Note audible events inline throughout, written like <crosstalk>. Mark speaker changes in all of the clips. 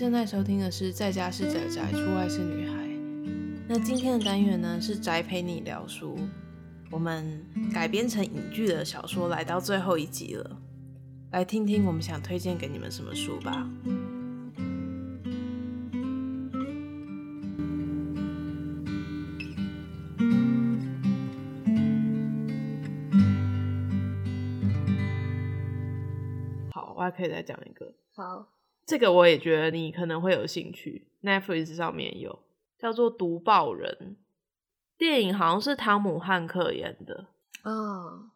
Speaker 1: 現在收聽的是《在家是宅宅，出外是女孩》。那今天的單元呢是宅陪你聊書，我們改編成影劇的小說來到最後一集了，來聽聽我們想推薦給你們什麼書吧。好，我還可以再講一個。好。這個我也覺得你可能會有興趣，Netflix 上面有，叫做《讀報人》，電影，好像是湯姆漢克演的
Speaker 2: 啊、
Speaker 1: 哦。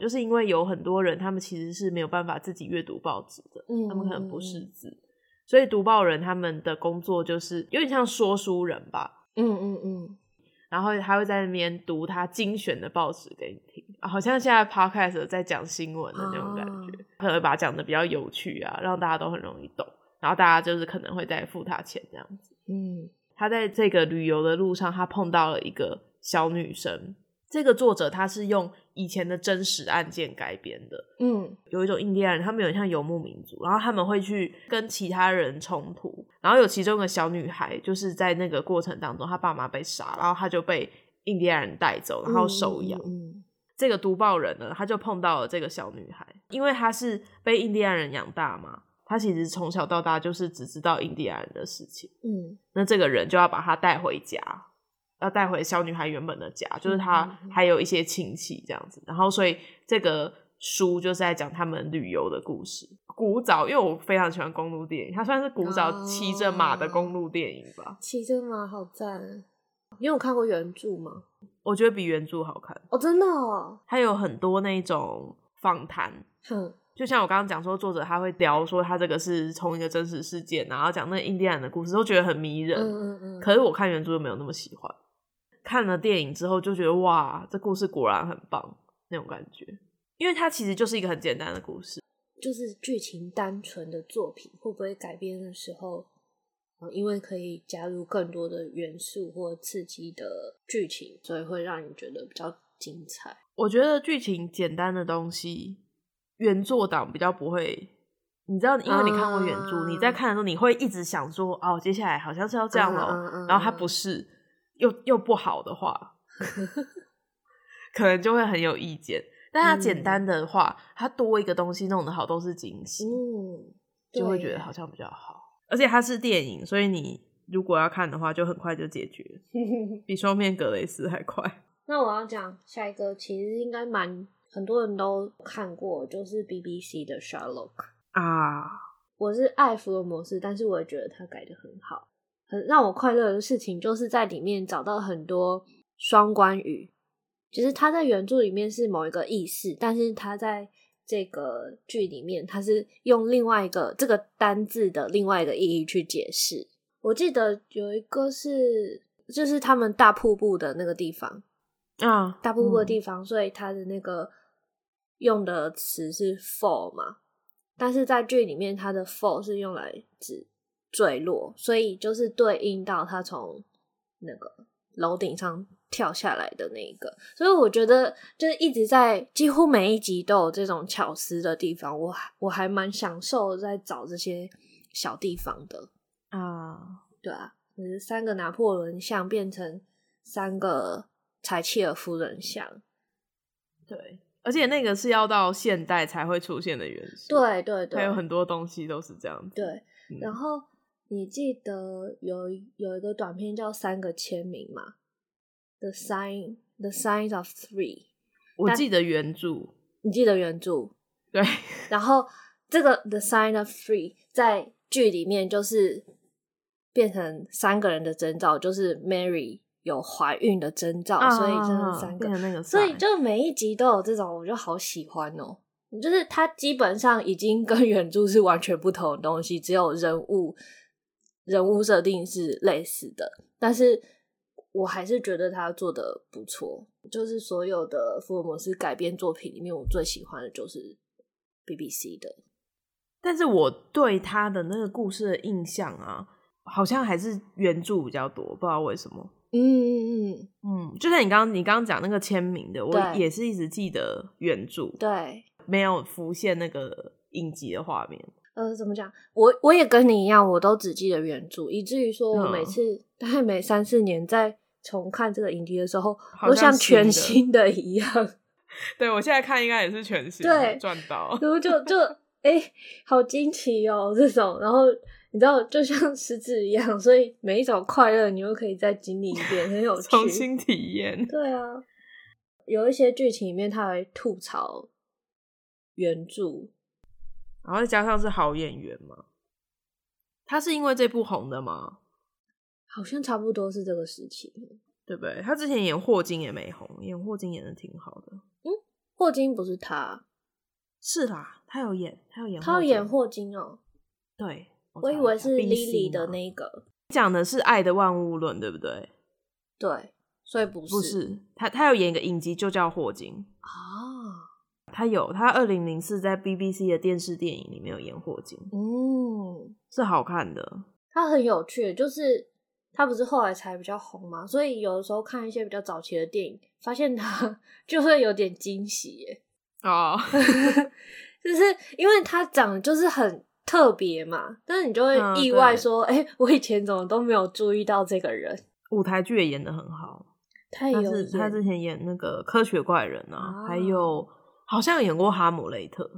Speaker 1: 就是因為有很多人，他們其實是沒有辦法自己閱讀報紙的，
Speaker 2: 他們可能不
Speaker 1: 識字、嗯，所以讀報人他們的工作就是有點像說書人吧。
Speaker 2: 嗯嗯
Speaker 1: 嗯。然後他會在那邊讀他精選的報紙給你聽，好像現在 Podcast 在講新聞的那種
Speaker 2: 感
Speaker 1: 覺，哦、可能把它講的比較有趣啊，讓大家都很容易懂。然後大家就是可能會再付他錢這樣子。
Speaker 2: 嗯，
Speaker 1: 他在這個旅遊的路上，他碰到了一個小女生。這個作者他是用以前的真實案件改編的。嗯，有一種印第安人，他們有點像游牧民族，然後他們會去跟其他人衝突。然後有其中一個小女孩，就是在那個過程當中，她爸媽被殺，然後她就被印第安人帶走，然後收養。嗯嗯。這個讀報人呢，他就碰到了這個小女孩，因為她是被印第安人養大嘛。他其實從小到大就是只知道印第安人的事情。嗯，那這個人就要把他帶回家，要帶回小女孩原本的家，就是他還有一些親戚這樣子。嗯嗯嗯然後，所以這個書就是在講他們旅遊的故事。古早，因為我非常喜歡公路電影，它算是古早騎着馬的公路電影吧。
Speaker 2: 騎、哦、着馬好讚！你有看過原著嗎？
Speaker 1: 我覺得比原著好看。
Speaker 2: 哦，真的、哦？
Speaker 1: 它有很多那種訪談。哼、嗯。就像我剛剛講說，作者他會聊說他這個是從一個真實事件，然後講那印第安的故事，都覺得很迷人。嗯嗯嗯。可是我看原著又沒有那麼喜歡。看了電影之後，就覺得哇，這故事果然很棒，那種感覺。因為它其實就是一個很簡單的故事，
Speaker 2: 就是劇情單純的作品，會不會改編的時候，嗯，因為可以加入更多的元素或刺激的劇情，所以會讓你覺得比較精彩。
Speaker 1: 我覺得劇情簡單的東西。原作黨比較不會，你知道，因為你看過原著，你在看的時候你會一直想說，哦，接下來好像是要這樣了，然後它不是，又又不好的話，可能就會很有意見。
Speaker 2: 但它簡單
Speaker 1: 的話，它多一個東西弄得好都是驚喜，就會覺得好像比較好。而且它是電影，所以你如果要看的話，就很快就解決，比雙面格雷斯還快 <laughs> 。
Speaker 2: 那我要講下一個，其實應該蠻。很多人都看過，就是 BBC 的 Sherlock 啊。Uh. 我是愛福爾摩斯，但是我也覺得他改的很好。很讓我快樂的事情，就是在裡面找到很多雙關語。其實他在原著裡面是某一個意思，但是他在這個劇裡面，他是用另外一個這個單字的另外一個意義去解釋。我記得有一個是，就是他們大瀑布的那個地方。啊、oh，大部分的地方，嗯、所以他的那個用的詞是 fall 嘛，但是在劇裡面，他的 fall 是用來指墜落，所以就是對應到他從那個樓頂上跳下來的那一個。所以我覺得，就是一直在幾乎每一集都有這種巧思的地方，我我還蠻享受在找這些小地方的啊。Oh. 對啊，就是三個拿破崙像變成三個。才契爾夫人像，對，
Speaker 1: 而且那個是要到現代才會出現的元素，對
Speaker 2: 對對，還有很多
Speaker 1: 東西都是
Speaker 2: 這樣。對，嗯、然後你記得有有一個短片叫《三個簽名》嗎？The sign, the sign of three。我記得原著，你記得原著？對。然後這個 The sign of three 在劇裡面就是變成三個人的徵兆，就是 Mary。有懷孕的徵兆，oh, 所以就是三個 oh, oh, 那個，所以就每一集都有這種，我就好喜歡哦、喔。就是它基本上已經跟原著是完全不同的東西，只有人物人物設定是類似的。但是我還是覺得他做的不錯。就是所有的福爾摩斯改編作品裡面，我最喜歡的就是 BBC 的。
Speaker 1: 但是我對他的那個故事的印象啊，好像還是原著比較多，不知道為什麼。嗯嗯嗯嗯，就像你剛剛你剛剛講那個簽名的，我也是一直記得原著，對，沒有浮現那個影集的畫面。
Speaker 2: 呃，怎麼講？我我也跟你一樣，我都只記得原著，以至於說我每次、嗯、大概每三四年再重看這個影集的時候，好像都像全新的一樣。對，
Speaker 1: 我現在看應該也是全新，對，賺到、 <laughs> 欸
Speaker 2: 喔。然後就就哎，好驚奇哦，這種然後。你知道，就像失智一樣，所以每一種快樂，你又可以再經歷一遍，很有趣。重新體驗。對啊，有一些劇情裡面他還吐槽原著，
Speaker 1: 然後再加上是好演員嘛，他是因為這部紅的嗎？
Speaker 2: 好像差不多是這個時期，
Speaker 1: 對不對？他之前演霍金也沒紅，演霍金演的挺好的。嗯，
Speaker 2: 霍金不是他，是啦，他有演，他有演，他有演霍金哦，對。我以為是 Lily 的那個，
Speaker 1: 講的是《愛的萬物論》，對不對？
Speaker 2: 對，所以不是，不是
Speaker 1: 他，他有演一個影集，就叫《霍金》啊、
Speaker 2: oh.。
Speaker 1: 他有，他二零零四在 BBC 的電視電影裡面有演霍金，嗯、
Speaker 2: oh.，
Speaker 1: 是好看的。
Speaker 2: 他很有趣，就是他不是後來才比較紅嘛，所以有的時候看一些比較早期的電影，發現他就會有點驚喜哦，就、oh. <laughs> <laughs> 是因為他長得就是很。特別嘛，但是你就會意外說，哎、嗯欸，我以前怎麼都沒有注意到這個人。
Speaker 1: 舞台劇也演得很好，
Speaker 2: 太有才。他之前演那個
Speaker 1: 科學怪人啊，啊還有好像演過《哈姆雷特》，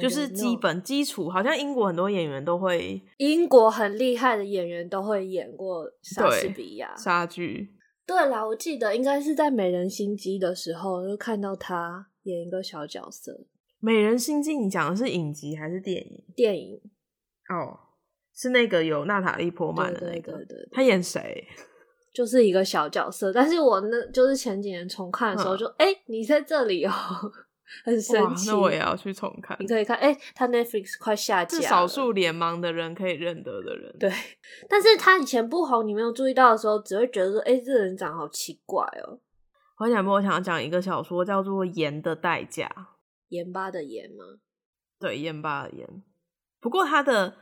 Speaker 1: 就是基本基礎。好像英國很多演員都會，
Speaker 2: 英國很厲害的演員都會演過莎士比亞莎劇。對啦，我記得應該是在《美人心機》的時候，就看到他演一個小角色。
Speaker 1: 《美人心機》你講的是影集還是電影？
Speaker 2: 電影。哦、oh，是那個有娜塔莉·波曼的那個。對對對對對，他演誰？就是一個小角色，但是我那就是前幾年重看的時候就，就、嗯、哎、欸，你在這裡哦，很神奇。那我也要去
Speaker 1: 重看，你可
Speaker 2: 以看。哎、欸，他 Netflix 快下架了，是少
Speaker 1: 數臉盲的人可以認得的人。
Speaker 2: 對，但是他以前不紅，你沒有注意到的時候，只會覺得說，哎、欸，這人長好奇怪哦。
Speaker 1: 黃曉波，我想要講一個小說叫做《鹽的代價》，
Speaker 2: 鹽巴的鹽嗎？對，鹽巴的鹽。
Speaker 1: 不過他的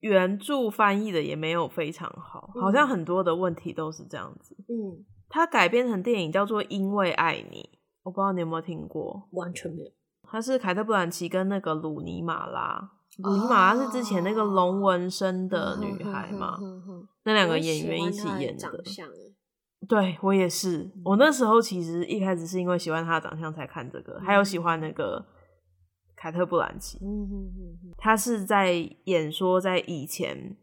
Speaker 1: 原著翻譯的也沒有非常好，嗯，好像很多的問題都是這樣
Speaker 2: 子。嗯，
Speaker 1: 他改編成電影叫做《因為愛你》，我不知道你有沒有聽過，完全沒有。他是凱特·布蘭奇跟那個魯尼·瑪拉，魯尼·瑪拉是之前那個龍紋身的女孩嘛？哦嗯嗯嗯嗯嗯嗯嗯嗯、那兩個演員一起演的。我喜歡他長相耶。對，我也是、嗯，我那時候其實一開始是因為喜歡她的長相才看這個，嗯、還有喜歡那個。凱特·布蘭奇，嗯哼哼哼，他是在演說，在以前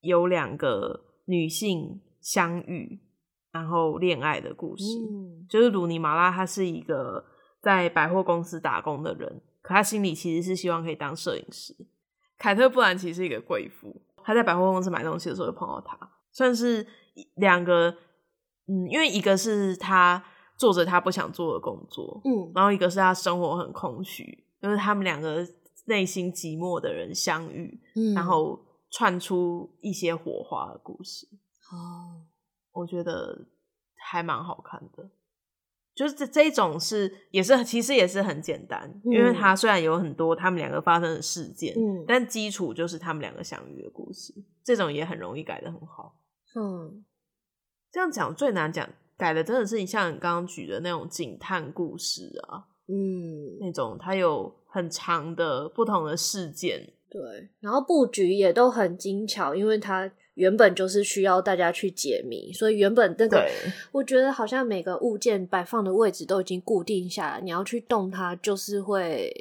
Speaker 1: 有兩個女性相遇然後戀愛的故事。嗯，就是魯尼·馬拉，他是一個在百貨公司打工的人，可他心裡其實是希望可以當攝影師。凱特·布蘭奇是一個貴婦，他在百貨公司買東西的時候就碰到他，算是兩個，嗯，因為一個是他做着他不想做的工作，嗯，然後一個是他生活很空虛。就是他們兩個內心寂寞的人相遇，嗯，然後串出一些火花的故事。
Speaker 2: 哦，嗯，
Speaker 1: 我覺得還蠻好看的。就是這種是也是其實也是很簡單，嗯，因為它雖然有很多他們兩個發生的事件，嗯、但基礎就是他們兩個相遇的故事。這種也很容易改得很好。
Speaker 2: 嗯，這樣
Speaker 1: 講最難講改的，真的是你像你剛剛舉的那種警探故事啊。嗯，那種它有很長的不同的事件，
Speaker 2: 對，然後布局也都很精巧，因為它原本就是需要大家去解謎，所以原本那個，對，我覺得好像每個物件擺放的位置都已經固定下來，你要去動它就是會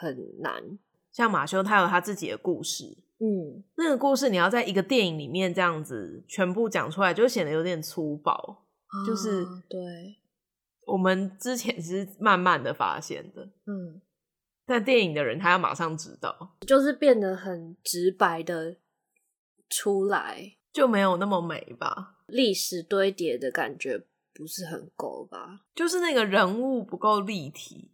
Speaker 2: 很難。
Speaker 1: 像馬修，他有他自己的故事，
Speaker 2: 嗯，
Speaker 1: 那個故事你要在一個電影裡面這樣子全部講出來，就顯得有點粗暴，
Speaker 2: 嗯，就是對。
Speaker 1: 我們之前是慢慢的發現的，嗯，但電影的人他要馬上知道，
Speaker 2: 就是變得很直白的出來就沒有那麼美吧？歷史堆疊的感覺不是很夠吧？就
Speaker 1: 是那個人物不夠立體，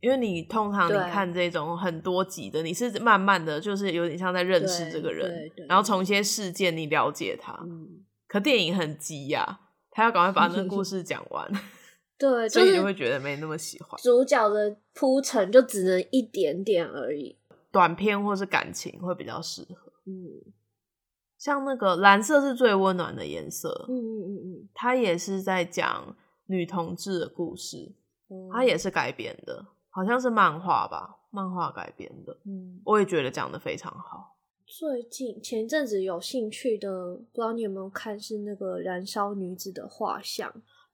Speaker 1: 因為你通常你看這種很多集的，你是慢慢的就是有點像在認識這個人，然後從一些事件你了解他，嗯、可電影很急呀，他要趕快把那個故事講完。 <laughs>
Speaker 2: 對，所以你會覺
Speaker 1: 得沒那麼喜歡主
Speaker 2: 角的鋪陳，就只能一點點而已。短片或是感情會比較適合。嗯，
Speaker 1: 像那個藍色是最溫暖的顏色。嗯嗯嗯
Speaker 2: 嗯，
Speaker 1: 它也是在講女同志的故事，嗯、它也是改編的，好像是漫畫吧，漫畫改編的。嗯，我也覺得講得非常好。
Speaker 2: 最近前陣子有興趣的，不知道你有沒有看，是那個《燃燒女子的畫像》。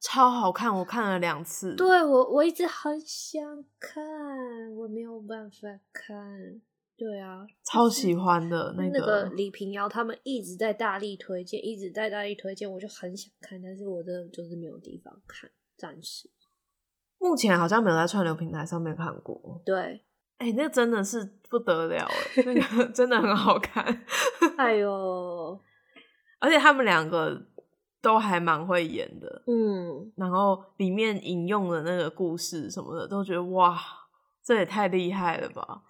Speaker 1: 超好看，我看了兩次。
Speaker 2: 對，我我一直很想看，我沒有辦法看。對啊，
Speaker 1: 超喜歡的那個。那個、
Speaker 2: 李屏瑤他們一直在大力推薦，一直在大力推薦，我就很想看，但是我真的就是沒有地方看，暫時。
Speaker 1: 目前好像沒有在串流平台
Speaker 2: 上面看過。對，哎、欸，那個真的是不得了， <laughs> 那個真的很好
Speaker 1: 看。 <laughs> 哎呦，而且他們兩個。都還蠻會演的，
Speaker 2: 嗯，
Speaker 1: 然後裡面引用的那個故事什麼的，都覺得哇，這也太厲害了吧、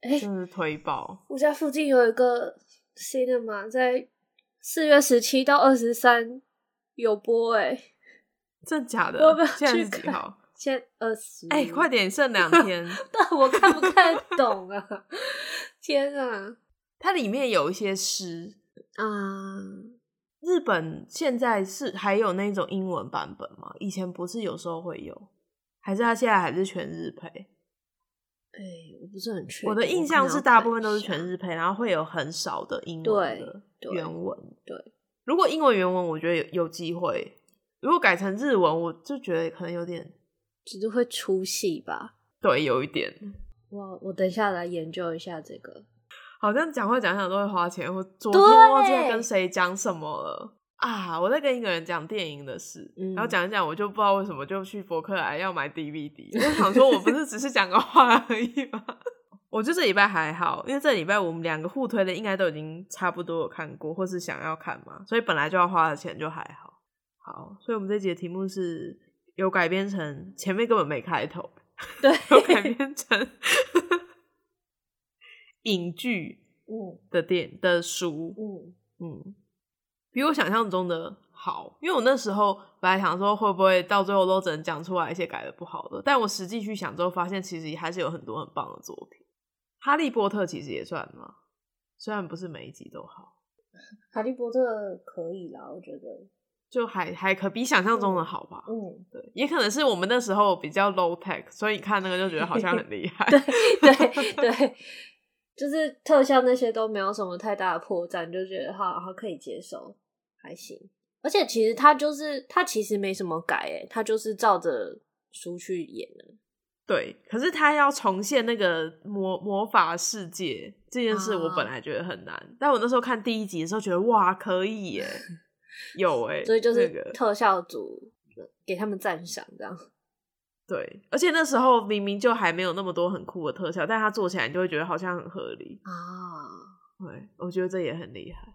Speaker 1: 欸！就是推爆！
Speaker 2: 我家附近有一個 cinema，在四月十七到二十三有播、欸，
Speaker 1: 哎，真的
Speaker 2: 假的？現在是幾號？現二十，哎、欸，快點，剩兩天。 <laughs> 但我看不太懂啊， <laughs> 天啊！
Speaker 1: 它裡面有一些詩啊。嗯日本現在是還有那種英文版本嗎？以前不是有時候會有，還是他現在還是全日配？
Speaker 2: 哎、欸，我不是很確定。我的印象是大部分都是
Speaker 1: 全日配，然後會有很少的英文
Speaker 2: 的原文。對，對
Speaker 1: 對，如果英文原文，我覺得有，有機
Speaker 2: 會；如果改成日文，我就覺得可能有點，只是會出戲吧。
Speaker 1: 對，有一點。
Speaker 2: 哇、wow,，我等一下來研究一下這個。好像講話
Speaker 1: 講講都會花錢，我昨天忘記跟誰講什麼了啊，我在跟一個人講電影的事，嗯、然後講一講，我就不知道為什麼就去博客來要買 DVD、嗯。我就想說，我不是只是講個話而已嗎？ <laughs> 我就這禮拜還好，因為這禮拜我們兩個互推的應該都已經差不多有看過或是想要看嘛，所以本來就要花的錢就還好。好，所以我們這集的題目是有改編成，前面根本沒開頭，對， <laughs> 有改編成。 <laughs> 影劇嗯、的電影嗯、的書嗯嗯，比我想象中的好，因為我那時候本來想說會不會到最後都只能講出來一些改得不好的，但我實際去想之後發現，其實還是有很多很棒的作品。哈利波特其實也算嘛，雖然不是每一集都好，
Speaker 2: 哈利波特可以啦，我覺得就
Speaker 1: 還還可比想象中的好吧
Speaker 2: 嗯。嗯，對，
Speaker 1: 也可能是我們那時候比較 low tech，所以你看那個就覺得好像很厲害。對 <laughs> 對對。
Speaker 2: 對對就是特效那些都沒有什麼太大的破綻，就覺得他好，還可以接受，還行。而且其實他就是他，其實沒什麼改，欸，他就是照着書去演了。
Speaker 1: 對，可是他要重現那個魔魔法世界這件事，我本來覺得很難，啊，但我那時候看第一集的時候覺得哇，可以耶，欸，有誒，欸。所以就是，那個，特
Speaker 2: 效組給他們讚賞這樣。
Speaker 1: 對，而且那時候明明就還沒有那麼多很酷的特效，但他做起來你就會覺得好像很合理啊。對，我覺得這也很厲害，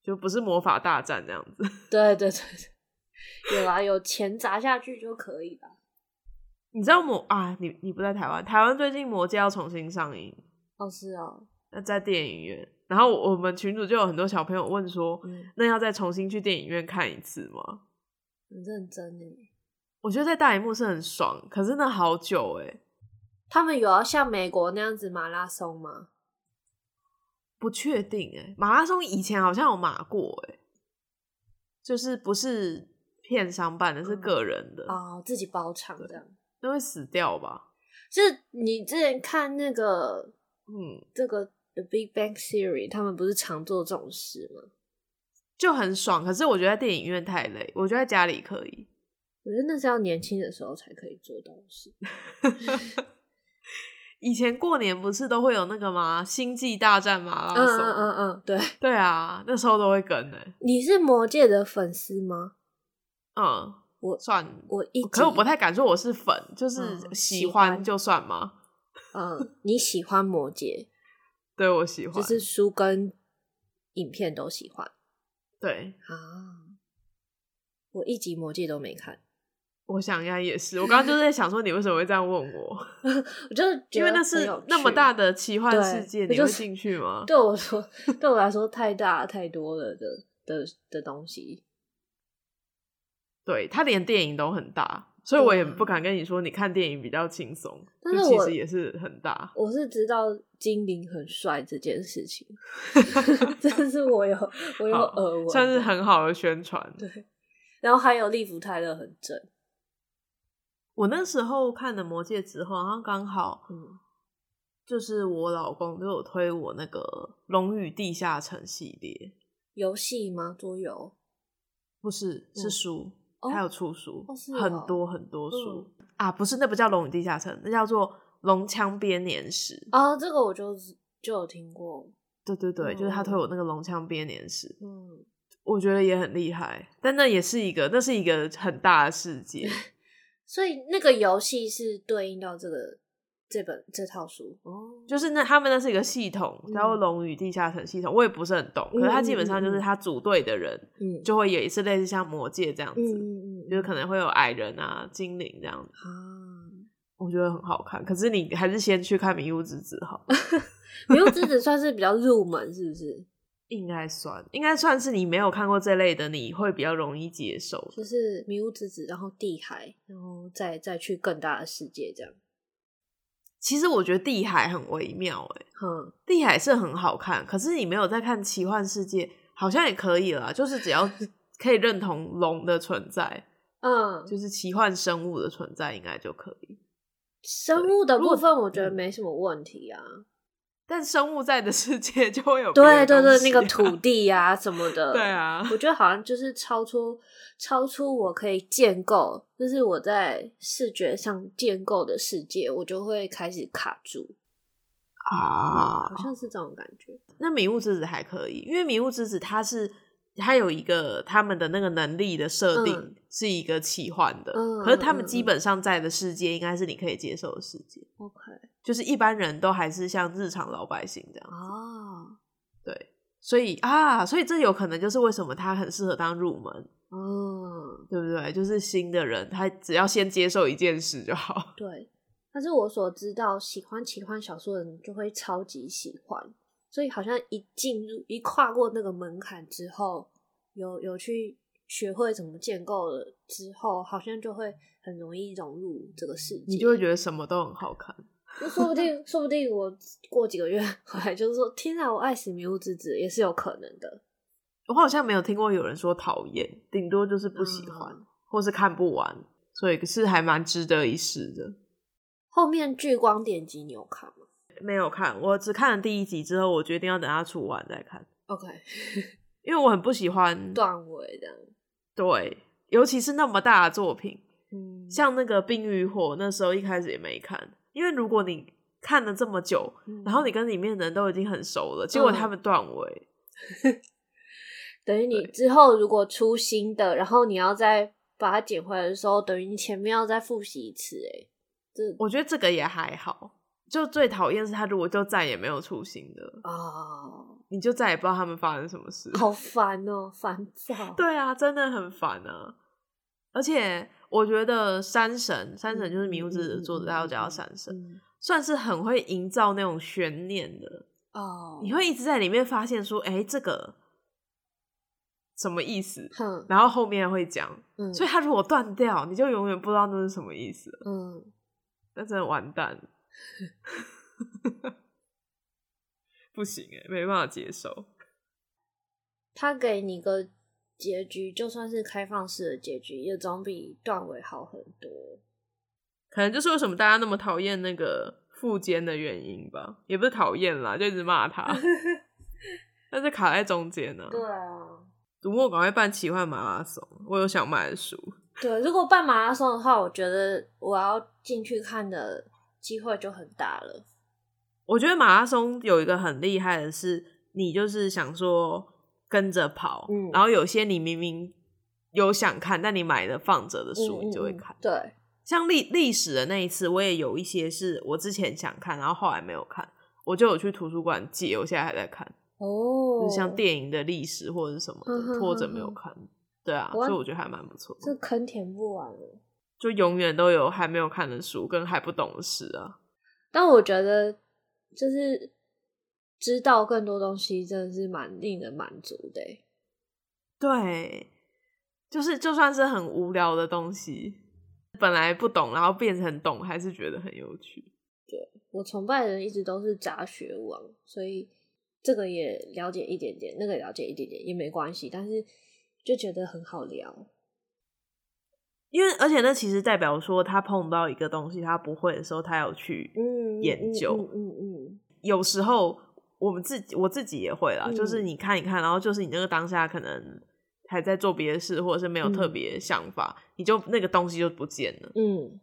Speaker 1: 就不是魔法大戰這樣子。
Speaker 2: 對對對，有啊，有錢砸下去就可以吧。
Speaker 1: <laughs> 你知道魔啊？你你不在台灣？台灣最近《魔戒》要重新上映。
Speaker 2: 哦，是啊、哦。那
Speaker 1: 在電影院，然後我們群主就有很多小朋友問說、嗯：“那要再重新去電影院看一次嗎？”
Speaker 2: 很認真的
Speaker 1: 我覺得在大熒幕是很爽，可是那好久誒、欸、
Speaker 2: 他們有要像美國那樣子馬拉松嗎？不確定誒、欸、馬拉松以
Speaker 1: 前好像有馬過誒、欸、
Speaker 2: 就是不是
Speaker 1: 片商辦的、嗯，是個人的哦，
Speaker 2: 自己包場這樣。
Speaker 1: 那會死掉吧？就
Speaker 2: 是你之前看那個，嗯，這個《The Big Bang Theory》，他們不是常做這種事嗎？
Speaker 1: 就很爽，可是我覺得在電影院太累，我覺得在家裡可以。我覺得那是要年輕的時候才可以做東西。以前過年不是都會有那個嗎？星際大戰嗎？啊、嗯嗯嗯嗯，
Speaker 2: 對對啊，那時候都會跟呢、欸。你是魔戒的粉絲嗎？
Speaker 1: 嗯，我算我，我一，可是我不太敢說我是粉，就是喜歡
Speaker 2: 就算嗎？嗯，喜 <laughs> 嗯，你喜歡魔戒？ <laughs> 對，我喜歡，就是書跟影片都喜歡。對啊，我一集魔戒都沒看。我想應該也是，我剛剛就是
Speaker 1: 在想說，你為什麼會這樣問我？
Speaker 2: <laughs> 我就覺得因為那是那麼大的奇幻世界，你有興趣嗎？對，我說 <laughs> 對我來說太大太多了的的的東西。
Speaker 1: 對，他連電影都很大，所以我也不敢跟你說，你看電影比較輕鬆，但是其實也是很大。是我，
Speaker 2: 我是知道精靈很帥這件事情，算 <laughs> <laughs> 是我有我有耳聞，算
Speaker 1: 是很好的宣傳。對，
Speaker 2: 然後還有利福泰勒很正。我那時候看的魔戒之後，然後剛好，像
Speaker 1: 剛好、嗯，就是我老公都有推我那個《龍與地下城》系列
Speaker 2: 遊戲嗎？桌遊？
Speaker 1: 不是，是書，哦、還有出書、哦，很多、啊、很多書、嗯、啊！不是，那不叫《龍與地下城》，那叫做《龍槍編年史》
Speaker 2: 啊。這個我就就有聽過。
Speaker 1: 對對對，嗯、就是他推我那個《龍槍編年史》，嗯，我覺得也很厲害。但那也是一個，那是一個很大的世界。 <laughs>
Speaker 2: 所以那個遊戲是對應到這個這本這套書，
Speaker 1: 哦，就是那他們那是一個系統，叫做《龍與地下城》系統、嗯，我也不是很懂。可是他基本上就是他組隊的人、嗯，就會有一次類似像魔戒這樣子，嗯、就是可能會有矮人啊、精靈這樣子、
Speaker 2: 嗯嗯嗯、我覺得很
Speaker 1: 好看。可是你還是先去看迷霧之子好。《 <laughs> 迷
Speaker 2: 霧之子》好，《迷霧之子》算是比較入門， <laughs> 是不是？應該算，
Speaker 1: 應該算是你沒有看過這類的，你會比較容易接
Speaker 2: 受的。就是迷霧之子，然後地海，然後再再去更大的世界這樣。
Speaker 1: 其實我覺得地海很微妙、欸，哼、嗯，地海是很好看，可是你沒有在看奇幻世界，好像也可以啦。就是只要可以認同龍的存在，
Speaker 2: 嗯，就
Speaker 1: 是奇幻生物的存在應該就可以。
Speaker 2: 生物的部分我覺得沒什麼問題啊。嗯但生物在的世界就會有、啊，對對對，那個土地啊什麼的， <laughs> 對啊，我覺得好像就是超出超出我可以建構，就是我在視覺上建構的世界，我就會開始卡住啊、嗯，好像是這種感覺。那迷
Speaker 1: 霧之子還可以，因為迷霧之子他是他有一個他們的那個能力的設定、嗯、是一個奇幻的，嗯、可是他們基本上在的世界應該是你可以接受的世界。嗯嗯就是一般人都還是像日常老百姓這樣啊，對，所以啊，所以這有可能就是為什麼他很適合當入門，嗯、啊，對不對？就是新的人，他只要先接受一件事就好。
Speaker 2: 對，但是我所知道，喜歡奇幻小說的人就會超級喜歡，所以好像一進入、一跨過那個門檻之後，有有去學會怎麼建構了之後，好像就會很容易融入這個世界，你就
Speaker 1: 會覺得什麼都很好看。嗯
Speaker 2: <laughs> 說不定，說不定我過幾個月回來，就是說，天啊，我愛死《迷霧之子》也是有可能的。
Speaker 1: 我好像沒有聽過有人說討厭，頂多就是不喜歡、嗯，或是看不完，所以是還蠻值得一試的。
Speaker 2: 後面聚光點擊你有看嗎？
Speaker 1: 沒有看，我只看了第一集之後，我決定要等它出完再看。
Speaker 2: OK， <laughs> 因
Speaker 1: 為我很不喜歡
Speaker 2: 斷尾這樣。
Speaker 1: 對，尤其是那麼大的作品，嗯，像那個《冰與火》，那時候一開始也沒看。因為如果你看了這麼久，然後你跟裡面的人都已經很熟了，嗯、結果他們斷尾，嗯、
Speaker 2: <laughs> 等於你之後如果出新的，然後你要再把它撿回來的時候，等於你前面要再複習一次、欸。誒這我覺得這個也還好。
Speaker 1: 就最討厭是他如果就再也沒有出新的啊、哦，你就再也不知道他們發生什麼事，好煩哦、喔，煩躁。對啊，真的很煩啊。而且我覺得山神，山神就是《迷霧之子》的作者，他叫山神、嗯嗯，算是很會營造那種懸念的哦，你會一直在裡面發現說，哎、欸，這個什麼意思？嗯、然後後面會講、嗯，所以他如果斷掉，你就永遠不知道那是什麼意思。嗯，那真的完
Speaker 2: 蛋，
Speaker 1: <laughs> 不行哎、欸，沒辦法接受。
Speaker 2: 他給你個。結局就算是開放式的結局，也總比斷尾好很多。
Speaker 1: 可能就是為什麼大家那麼討厭那個副監的原因吧，也不是討厭啦，就一直罵他。 <laughs> 但是卡在中間呢、啊。對啊。讀墨，我趕快辦奇幻馬拉松，我有想買的書。
Speaker 2: 對，如果辦馬拉松的話，我覺得我要進去看的機會就很大了。
Speaker 1: 我覺得馬拉松有一個很厲害的是，你就是想說。跟着跑、嗯，然後有些你明明有想看，但你買的放着的書，你就會看。嗯嗯、對，像歷歷史的那一次，我也有一些是我之前想看，然後後來沒有看，我就有去圖書館借，我現在還在看。
Speaker 2: 哦，就像電
Speaker 1: 影的歷史或者是什麼的，拖著沒有看，嗯嗯嗯、對啊，What? 所以我覺得還蠻不錯。這
Speaker 2: 坑填不完了，
Speaker 1: 就永遠都有還沒有看的書跟還不懂的書啊。
Speaker 2: 但我覺得就是。知道更多東西真的是蠻令人滿足的，
Speaker 1: 對，就是就算是很無聊的東西，本來不懂，然後變成懂，還是覺得很有
Speaker 2: 趣。對，我崇拜的人一直都是雜學王，所以這個也了解一點點，那個了解一點點也沒關係，但是就覺得很好聊，
Speaker 1: 因為而且那其實代表說他碰到一個東西他不會的時候，他要去嗯研究，嗯嗯，嗯，嗯，嗯，有時候。我們自己，我自己也會啦、嗯。就是你看一看，然後就是你那個當下可能還在做別的事，或者是沒有特別想法，嗯，你就那個東西就不見了。嗯，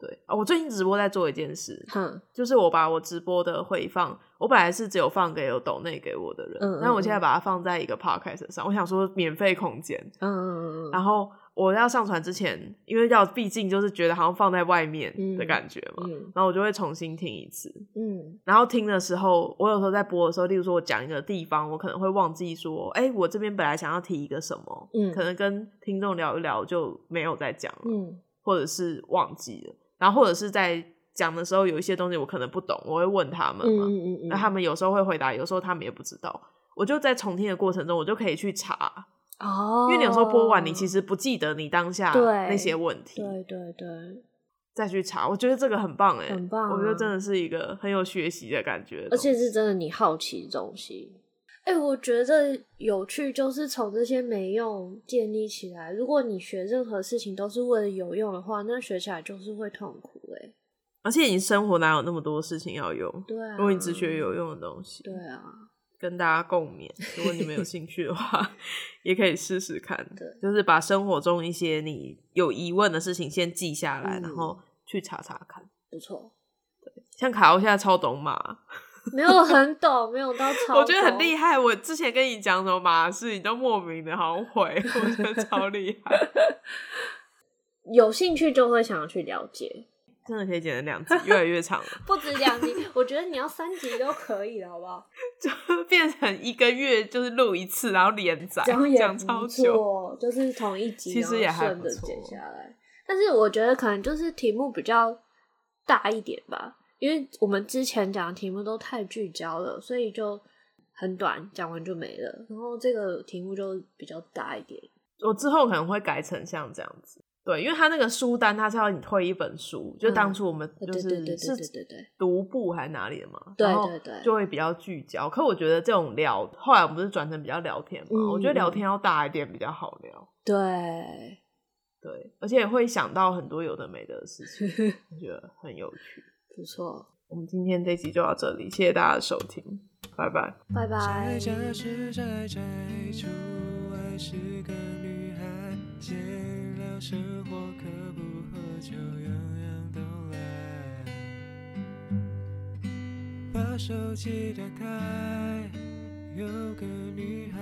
Speaker 1: 對啊，我最近直播在做一件事，哼，嗯，就是我把我直播的回放，我本來是只有放給有抖內給我的人嗯嗯，但我現在把它放在一個 podcast 上，我想說免費空間。嗯嗯嗯嗯，然後。我要上傳之前，因為要畢竟就是覺得好像放在外面的感覺嘛、嗯嗯，然後我就會重新聽一次。嗯，然後聽的時候，我有時候在播的時候，例如說我講一個地方，我可能會忘記說，哎、欸，我這邊本來想要提一個什麼，嗯，可能跟聽眾聊一聊就沒有再講了，嗯，或者是忘記了，然後或者是在講的時候有一些東西我可能不懂，我會問他們嘛，嗯嗯嗯，那、嗯、他們有時候會回答，有時候他們也不知道，我就在重聽的過程中，我就可以去查。
Speaker 2: 哦，因為你有時候播
Speaker 1: 完，你其實不記得你當下那些問題，
Speaker 2: 對對對，對，再去
Speaker 1: 查，我覺得這個很棒欸，
Speaker 2: 很棒啊，我覺得真的是一個很有學習的感覺，而且是真的你好奇的東西，欸，我覺得這有趣就是從這些沒用建立起來。如果你學任何事情都是為了有用的話，那學起來就是會痛苦欸，而且
Speaker 1: 你生活哪有那麼多事情要用？對啊，如果你只學有用的東西，對啊。跟大家共勉，如果你們有興趣的話， <laughs> 也可以試試看。對，就是把生活中一些你有疑問的事情先記下來，嗯、然後去查查看。
Speaker 2: 不錯，
Speaker 1: 對，像卡歐現在超懂馬，
Speaker 2: 沒有很懂， <laughs> 沒有到超，我覺得很
Speaker 1: 厲害。我之前跟你講什麼馬事情，都莫名的好悔。我覺得超厲
Speaker 2: 害。 <laughs> 有興趣就會想要去了解。真的可以剪成兩集，越來越長了。 <laughs> 不止兩集，我覺得你要三集都可以了，好不好？就變
Speaker 1: 成一個月就是錄一次，然後連載，講也不講超久。
Speaker 2: 就是同一集，其實也還順著剪下來，但是我覺得可能就是題目比較大一點吧，因為我們之前講的題目都太聚焦了，所以就很短，講完就沒了。然後這個題目就比較大一點，
Speaker 1: 我之後可能會改成像這樣子。對，因為他那個書單，他是要你推一本書、嗯，就當初我們就是、嗯、對對對是獨步還是哪裡的嘛，然後就會比較聚焦，對對對。可我覺得這種聊，後來我們不是轉成比較聊天嘛、嗯，我覺得聊天要大一點比較好聊。對，對，而且也會想到很多有的沒的事情， <laughs> 我覺得很有趣，不錯。我們今天這集就到這裡，謝謝大家的收聽，拜拜，
Speaker 2: 拜拜。生活可不喝酒，樣樣都來。把手機打開，有個女孩，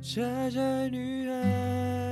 Speaker 2: 宅宅女孩。